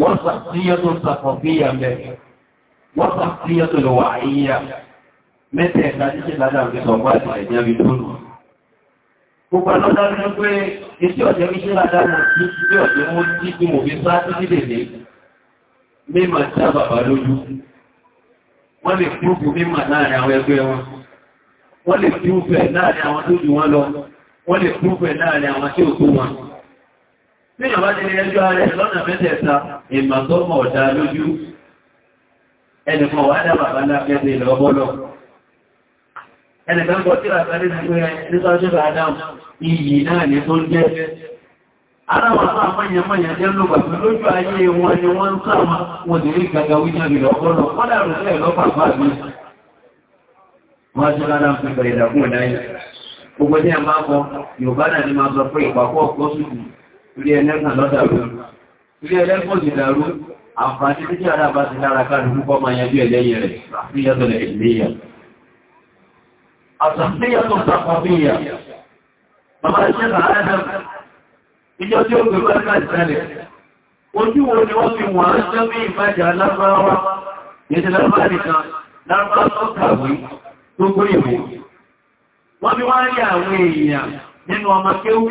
وشخصية ثقافية منه وشخصية الوعية mẹ́tẹ̀ ìdájíṣẹ́ ìdájá òkè sọ̀pá ìpà ìjẹ́bi tó lù. Gbogbo ọlọ́dá ní pé etí ọ̀jẹ́ mi ṣe ládá mọ̀ ní títí ọ̀jẹ́ mú tí tí mo fi sá títí dèdè. Mímọ̀ tí a bàbá lójú. Wọ́n lè fúrúkú mímọ̀ láàrin àwọn ẹgbẹ́ wọn. Wọ́n lè Níyàn bá ti ní ẹjọ́ ààrẹ lọ́nà mẹ́tẹ̀ẹ̀ta, ìmọ̀ tó mọ̀ ọ̀dá lójú, ẹnìkan wà dá bàbá lápẹ́sẹ̀ ilẹ̀ ọbọ́lọ̀. Ẹnìkan kọ̀ tí àtàrí nígbẹ́ Adam, iyì náà ní tó ń jẹ́. Ara wà fún àmọ́nyàmọ́nyà jẹ́ lọ́gbà tó lójú ayé wọn ni wọ́n ń sáwọn wọn ní gàgà wíjẹ́ ìlọ̀ ọbọ́lọ̀. Wọ́n dà rùn sílẹ̀ lọ́pàá fún àgbẹ̀. Wọ́n ṣe lára fún ìbẹ̀rẹ̀ ìdàkùn ni máa sọ pé ilé ẹlẹ́gbọ̀n lọ́dàrú ilé ẹlẹ́gbọ̀n ti dàrú àǹfààní tí kí ara bá ti lára káàdù púpọ̀ máa yanjú ẹlẹ́yìn rẹ̀ àfíyàtọ̀lẹ̀ ìléyà àtàfíyàtọ̀ sàkọ̀fíyà bàbá iṣẹ́ àádọ́m ìjọ tí ó gbé pẹ́lú àìsàlẹ̀ ojú wo ni wọ́n fi wọ́n ń jẹ́ bí ìbájà lárúbáwá yẹtẹ̀ lárúbáwá nìkan lárúbáwá tó kàwé tó gbé ìwé wọ́n fi wọ́n rí àwọn èèyàn nínú ọmọ kéwú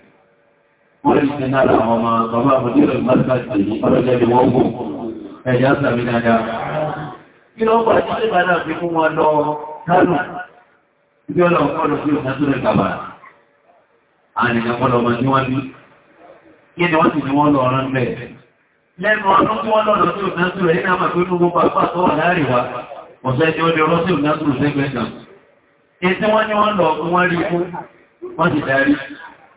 wọ́n lè ṣe náà àwọn ọmọ bàbá àmójúrò ìmọ́sílẹ̀ ọlọ́jẹ́ ni wọ́n gùn ẹ̀yà sàmì dáadáa kí ló bá ṣe bá náà fi tí wọ́n bí kí ni wọ́n sì ni wọ́n lọ ọ̀rán bẹ́ẹ̀ lẹ́nu ọdún tí wọ́n lọ́dọ̀ sí òṣàtúrẹ̀ nínú àmà tó dúró pàpà tó wà láàrin wa tí ó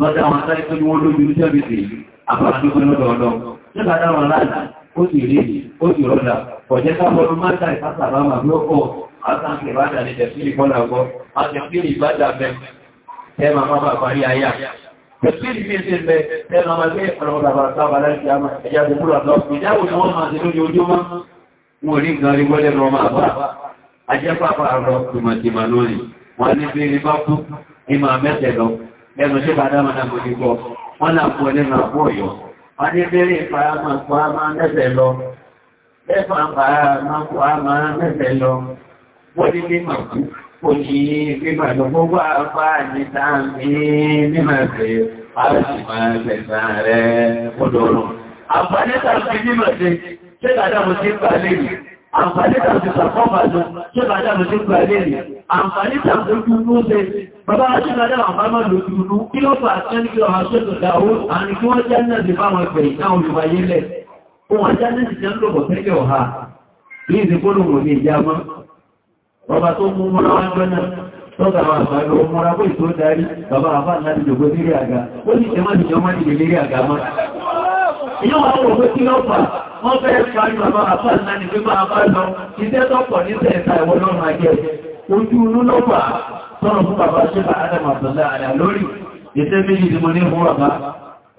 lọ́dá àwọn atáyé tó ní wọ́n lójú ní sẹ́bìtì yìí àbájúgbé lọ́dọ̀ ọ̀dọ́ nígbà dáwọn aláàdá ó sì rí ó sì rọ́dà ọ̀jẹ́ káfọ́nù máta ìfásàbámà lọ́kọ̀ àtàkì ìbádà ní tẹ̀sílì kọ́nà ọgọ́ àtẹ̀sílì ìbádà bẹ ẹ máa máa parí ayá tẹ̀sílì bí ṣe bẹ ẹ máa máa gbé ọ̀rọ̀ bàbá sábà láti lẹ́nu ṣe bàdá mọ̀ náà gbogbo gbọ́ wọ́n náà fún ẹni máa fún ọ̀yọ́ wọ́n ní bẹ́rẹ̀ ìfaramọ́ fún a máa mẹ́fẹ̀ lọ lẹ́fà ìfaramọ́ fún a máa mẹ́fẹ̀ lọ wọ́n ní mímọ̀ kò ní mímọ̀ lọ gbogbo afá ní àǹfààní tàbí sàkọ́fàdà tí bá dáàmù tí gbà lè rí àǹfààní tàbí ojú lóòrẹ́ bàbá tí bá dáàmù àbámọ́ lòdúdú kí ló fà tí ní kílọ̀ àṣẹ́tò dáwó àni kí wọ́n jẹ́ náà ti bá wọn pẹ̀ ìtàn olùwayélẹ̀ ohun ajá ní ìjẹ́ ń lòbọ̀ tẹ́lẹ̀ ọ̀há ní ìdíkólòmò ní ìjámọ́ bàbá tó mú múra wọn gbẹ́ náà tọ́gbà àwọn àgbàlò ọmọra bó ìtò darí bàbá àbá láti jògbó lérí wọ́n fẹ́ parí bàbá àbá ńlá ní pé máa bá lọ iṣẹ́ tọ́pọ̀ ní sẹ́ẹ̀ta ìwọ lọ́rùn ajẹ́ ojú inú lọ́pàá sọ̀rọ̀ fún bàbá ṣẹ́bà adam àbọ̀lá àdá lórí iṣẹ́ méjì tí mo ní fún bàbá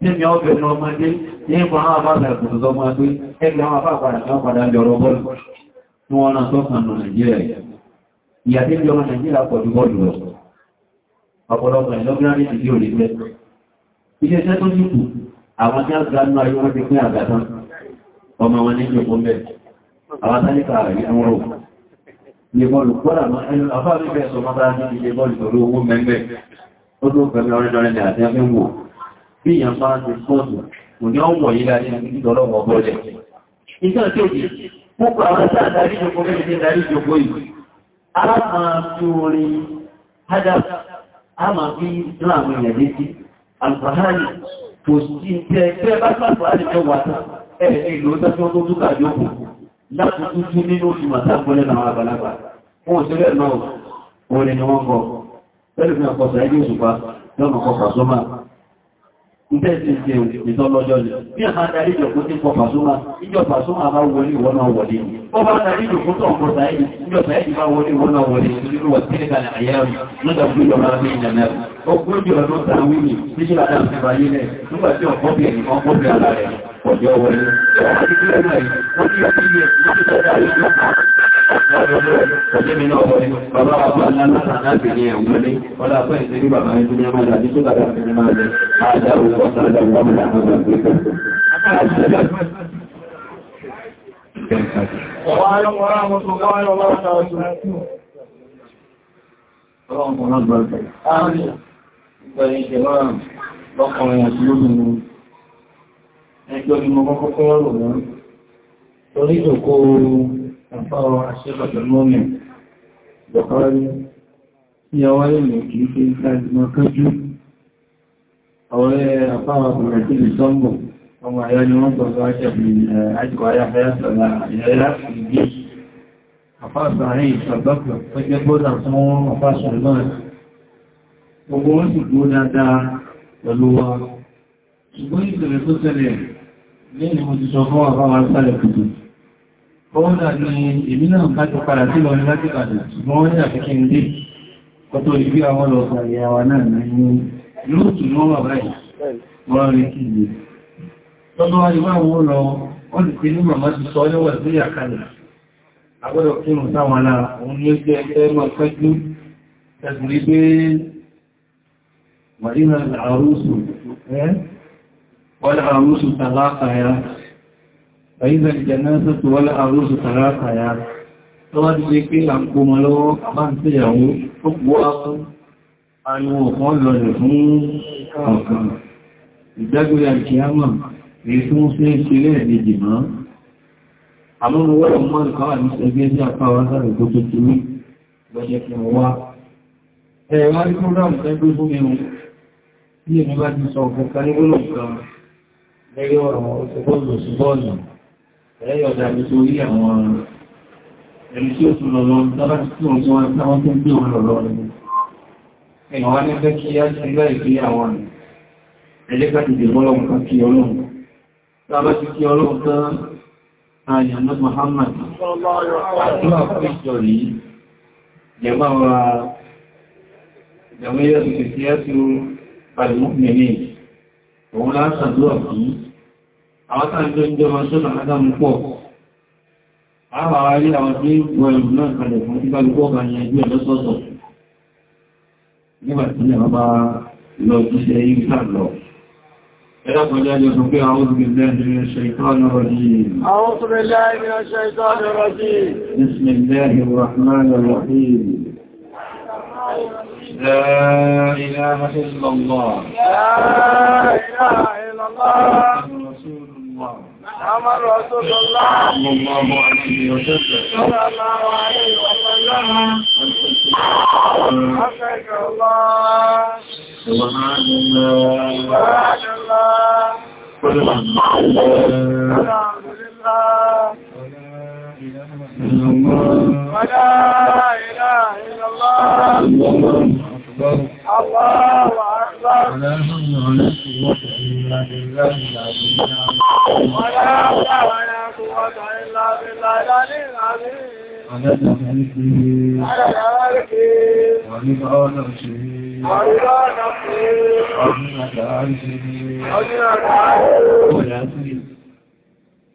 ní mi ọbẹ̀ ní ọmọdé ní ìmọ̀ àwọn àbá àgbẹ̀kùn tó máa gbé ẹgbẹ̀ àwọn àbá àpàdà kan padà ń jọrọ bọ́ọ̀lù ní wọn náà sọ́kàn nù nàìjíríà ìyà tí ìjọba nàìjíríà pọ̀ jù bọ́ọ̀lù lọ ọ̀pọ̀lọpọ̀ ìlọ́gbìnrin ti di òrìṣẹ́ iṣẹ́ tó ní kù àwọn tí a gbà nínú ayé wọn ti pín àgbà tán ọmọ wọn ní ìjọkún bẹ̀. Àwọn tánìkà rẹ̀ ń rò. Ní bọ́ọ̀lù kọ́lá máa ẹnu afáàrí bẹ́ẹ̀ sọ mọ́ta ní ilé bọ́ọ̀lù pẹ̀lú owó mẹ́gbẹ̀. Ó tó pẹ̀lú ọrẹ́ dọ́rẹ́ ní àti ẹgbẹ́ wò. Bí ìyàn bá ti sọ́ọ̀tù, kò ní ọmọ yìí láti ní títọ́ lọ́wọ́ bọ́ọ̀lẹ̀. Ìjọ́ kejì, púpọ̀ àwọn tá a darí ìjọkó mẹ́rin ti darí kò sí ìtẹ́ ẹgbẹ́ bá pàtàkì wà tán ẹ̀ẹ̀lẹ́ ìlú tọ́jọ́ tó dúkà jókù láti tún tún nínú oṣù màtàkùnlẹ̀ náà àgbàlagbà wọ́n ṣe rẹ̀ náà orin ni wọ́n kọ pẹ̀lú ní ọkọ̀ sàájú òṣùpá Ìjẹ́ ti ṣe ìtọ́lọ́jọ́ lè. Bí a máa darí ìjọ̀kú tí kọ Pàṣúmà, ìjọ Pàṣúmà máa wọlé ìwọ náà wọlé. Ó bá darí ìjọ̀kú tó ọkọ̀ sáyé, ìjọ sáyé ti máa wọlé ìwọ náà wọlé nínú wọ̀ tílẹ̀kà ní àyẹ́ ọ̀nà lọ́dọ̀kú ìjọba ní ìjẹ̀mẹ́. Ó kú ìjọ ọdún tàwí ní níṣẹ́ àdá ìfẹ́fà yìí lẹ̀ nígbà tí ọ̀pọ̀ bí ẹ̀nì kan kó bí ara rẹ̀ ọjọ́ wọlé. Ọjọ́ ìpínlẹ̀ náà yìí, wọ́n ti yọ sí ilé هذا هو وصل قبل وعليكم ورحمة الله وبركاته اللهم رب البيت آمين والإجرام بقوا يسلمون ẹjọ́ ni mo kọ́kọ́ kọ́ rò wọ́n torí ìdòkó àfáwọ̀ àṣẹ́bàtà mọ́mí ìdọ̀kọ́rí ní ọwọ́ ilẹ̀ kìí ṣe ìsáàdì mọ́kájú ọ̀rẹ́ àpáwà bùrẹ̀ tí lè sọ́mbọ̀ ọmọ àyá ni wọ́n tọ́sọ ájẹ̀bì àjíkọ̀ ayáfẹ́yà sọ̀lá àyẹ́lá ìgbé àfáàsàárín ìṣàgbọ́pọ̀ tó jẹ́ bọ́dà tó wọ́n àfáàsàárín gbogbo wọ́n sì gbó dáadáa pẹ̀lú wa ṣùgbọ́n ìṣẹ̀lẹ̀ tó ṣẹlẹ̀ lẹ́yìn mo ti sọ fún àbáwà sálẹ̀ kùtù kọ́wọ́dà ni èmi náà bá ti padà sí lọ ní láti padà ṣùgbọ́n wọ́n ní àfikẹ́ ilé kọ́tọ̀ ìgbé àwọn lọ sàyẹ̀wà náà ní lóòtù ní wà báyìí wọ́n rí kí ìyẹ lọ́dọ́ wá wọ́n lọ wọ́n ti pè ní màmá ti sọ ọlọ́wọ̀ tó yà agbọ́dọ̀ kí mọ̀ sáwọn alára òun ní ẹgbẹ́ ẹgbẹ́ mọ́ pẹ́jú ẹgbùn pé Màdínà àrúsù ẹ́ wọ́n àrúsù tàlákà ariwo kan lọlẹ̀ fún ọ̀kan ìdágbéra kìíyàmà èyí tó ń fẹ́ ṣeré ẹ̀dẹ̀jì mọ́ àmúrò wọ́n mọ́ ìkọ́wà ní ẹgbẹ́ sí apá wa tó tó ti rí lọ́jẹ́ kí wọ́n wá ẹ̀rọ rí program tẹ́gbé fún mi tí èmi bá ti sọ ọ̀fẹ́ kan nígbónà kan lẹ́yọ́ ọ̀rọ̀ ọ̀sẹ̀bọ́ọ̀lù ọ̀sẹ̀bọ́ọ̀lù lẹ́yọ̀ dàbí torí àwọn ẹni tí ó tún lọ lọ àwọn ní fẹ́ kí á sí láì fi àwọn ọ̀nà ẹlẹ́gbà ti dìbò lọ́wọ́ kan kí ọlọ́run tàbá ti kí ọlọ́run tán àyànà Muhammad àtúwà fún ìjọ yìí jẹmọ́ wa jẹmọ́ yẹ́ tuntun sí ẹ́sù palimọ́mìnì òun lásàdúwà fún àwọn tàbí ń jọmọ sọ́nà ádámù pọ̀ àwọn àwọn ilé àwọn tí wọ́n ìrùn náà kalẹ̀ fún ìbálòpọ̀ kan ẹgbẹ́ lọ́sọ̀ọ̀sọ̀ nígbà tí ní àbá lọ tí ṣe yí sáà lọ أعوذ بالله من الشيطان الرجيم أعوذ بالله من الشيطان الرجيم بسم الله الرحمن الرحيم لا إله إلا الله لا إله إلا الله رسول الله Amọ́rọ̀ tó lọ láàrín ọmọ ọmọ àti ìrọ̀ṣẹ́ tẹ̀lá láwọn àrẹ ìwọ̀n lọ́nà. Afẹ́kẹ̀ Allah. Allah wa akbar. Allah wa akbar. Àdẹ́dà ní kí ọdún ọ̀nà ṣe ọdún àtàrí ṣe ní ọ̀yá sí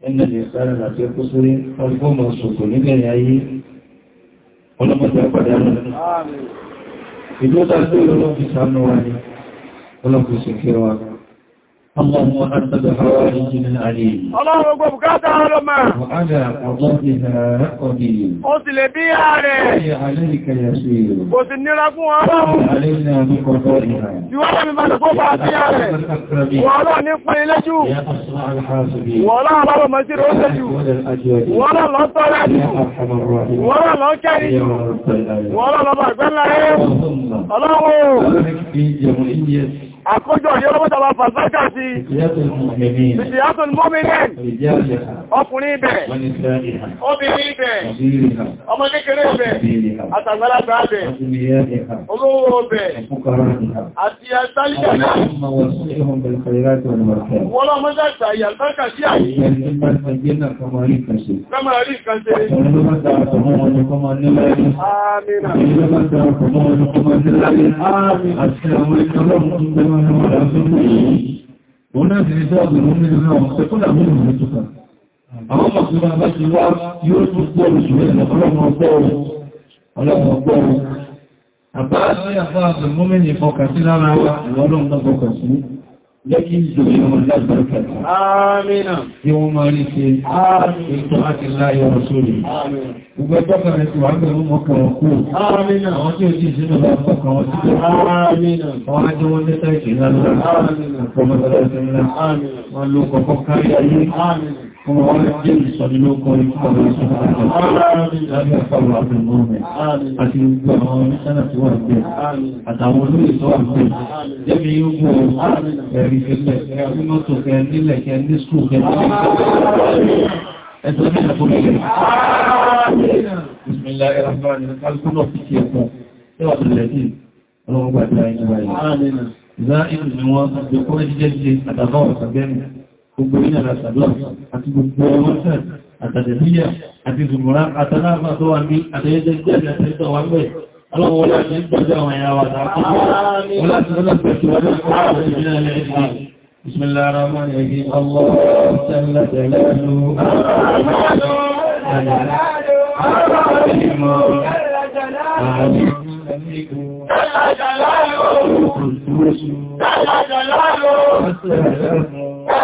ẹnà lè sára àti ẹkú sórí ọdún ọmọ ṣòkò nígbẹ̀rẹ̀ ayé ọlọ́mọdé àpàdé àwọn ìlú tàbí olóòfisà náà wà ní ọlọ́pùsù kí wa. اللهم أنت بحوائج العليم اللهم قبكات عالما وعلى قضائها قدير قتل بها عليه عليك يسير قتلني لكم عالم علينا بقضائها يوالا مما تقوف عدي عليه وعلى نفع لجو يا أسرع الحاسبين ولا رب مسير وسجو ولا الأجوال ولا الأطلع يا أرحم الراحمين ولا الأكاري ولا الأبعد الله اللهم أنك في جمعية àkójọ ìyọ́lọ́pọ̀tàwà fàṣákà sí ìdíyàtò mọ́mìnìn ọkùnrin ibẹ̀ obìnrin ibẹ̀ ọmọ kékeré ibẹ̀ àtàgbàlagbà ibẹ̀ olówó ibẹ̀ àti àtàlìkà náà wọ́n lọ mọ́sá ìtàyà sákà sí àyí kọmọrí kan ṣe Àmìnà. Àmìnà máa ń padà sókè yìí òun náà ti rí sọ́ọ̀bù mú nínú náà pẹ̀kúnlà mínú ní túkà àwọn ọmọ tí wọ́n bá ti wá yóò tún gbọ́ oṣù mẹ́rin ọlọ́mọ gbọ́ọ̀rọ̀ ọlọ́mọ gbọ́ọ̀rọ̀ àbá lẹ́kí ìjòyè wọn lágbàrúkà àmìnà tí wọ́n máa rí ṣe ètò àti láyé ọ̀sọ́rì gbogbo ẹjọ́kà rẹ̀ tí wọ́n gbẹ̀rún mọ́kà ọkú àmìnà wọ́n tí ó ti sínú bá pọ̀kà wọ́n ti tó àmìnà wọ́n á jẹ́ wọ́n lẹ́ta ìṣẹ̀lá lọ́rọ̀ Àtàwọn olóyè tó wà ní ẹ̀bí yóò ẹ̀rí fẹ́lẹ̀ ẹ̀rí mọ́tò kẹ nílẹ̀ kẹ ní skúù kẹ ẹ̀sọ́ ní ẹ̀kùnlẹ̀. Bísmìlá ẹ̀rọ̀fà ní kálùkùnlọ̀ fi kí ẹ̀kùn tẹ́wà tó lẹ́dí ọlọ́run gbàdá ẹni báyìí. Ìzá ìrìn ni wọ́n gbogbo iná àtàdọ́ àti gbogbo ọmọ́sẹ̀ àtàdẹ̀bíyà àti zùmọ̀rá àtàláàmà tó wà ní àtẹ́yẹ́jẹ́ àtẹ́yẹ́jẹ́ wà mẹ́ ọlọ́wọ́ wọ́n láti gbọ́jọ́ àwọn ẹ̀yà wà dáadáa بسم الله الرحمن الرحيم الله سلت لأنه أعلم أعلم أعلم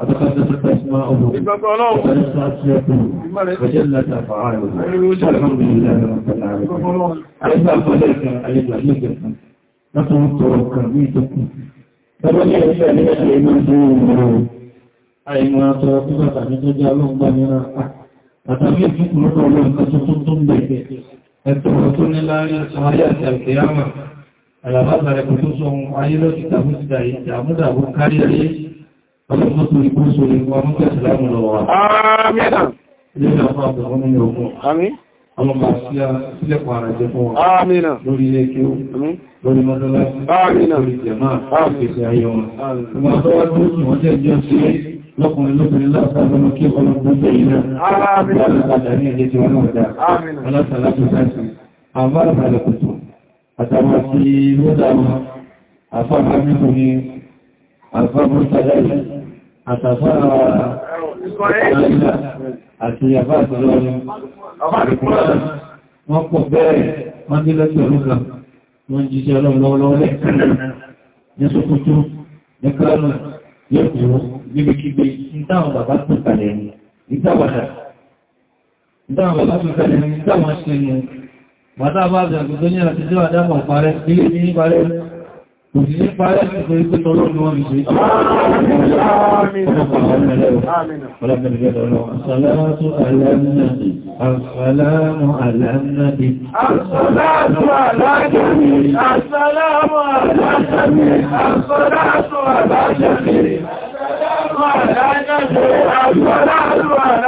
وتقدست اسماؤه وتنسات يده وجلت افعاله الحمد لله رب العالمين اسال عليك ايها المجد نصر التوكل بيتك فبني اسالي الايمان سيئين ايما توقفت ان تجعلهم بنينا àtàrí ìfún ọlọ́rọ̀ nǹkan tuntun tó ń bẹ̀ẹ̀ ẹ̀tọ̀rọ̀ tó ní láàrin àṣàmáyà àti àkèyàmà àlàbázà rẹ̀ kò tó sọ ohun ayé lọ́tí tàbí ìdàmúdàbò kárí ayé Àmín. Àwọn máa sí sílẹ̀kùn ara jẹ fún wa. Àmìnà. Lórí ilé kí ó. Lórí mọ́tọ́lá. Àmìnà. Lórí jẹ̀má. Àpèsè ayé wọn. Ìgbà tó wá tó kí wọ́n jẹ́ jẹ́ sí lọ́kùnrin lóbìnrin látàrí kí ọlọ́pùn tó yìí náà. Àmìnà. Àtàrí ẹ̀jẹ́ tí wọ́n náà dá. Àmìnà. Alátàlá tó sáìsì. Àmọ́ àbàlẹ̀ kùtù. Àtàwọn àti àfáàmù tàbí àtàfáà àti àfá àtàlọ́rin wọ́n pọ̀ bẹ́ẹ̀ wọ́n dé lẹ́gbẹ̀rún kan wọ́n jíṣẹ́ ọlọ́run ní Sókótó ní Kánò yẹ́kùrú níbi kígbe ìtàwọn bàbá tó kàlẹ̀ ní ìtàwàdà ìtàwọn bàbá tó kàlẹ̀ ní ìtàwọn ṣe ní wàtàbà àjàgbùgbóní àti jẹ́ àdámọ̀ parẹ́ ilé ní parẹ́ òṣìṣẹ́ parẹ́ ti sọ ikú tọ́lọ́ ní wọ́n ìṣẹ́ As-salatu ala nabi, as-salamu ala nabi, as-salatu ala nabi, as-salamu ala nabi, as-salatu ala nabi, as-salamu ala nabi, as-salatu ala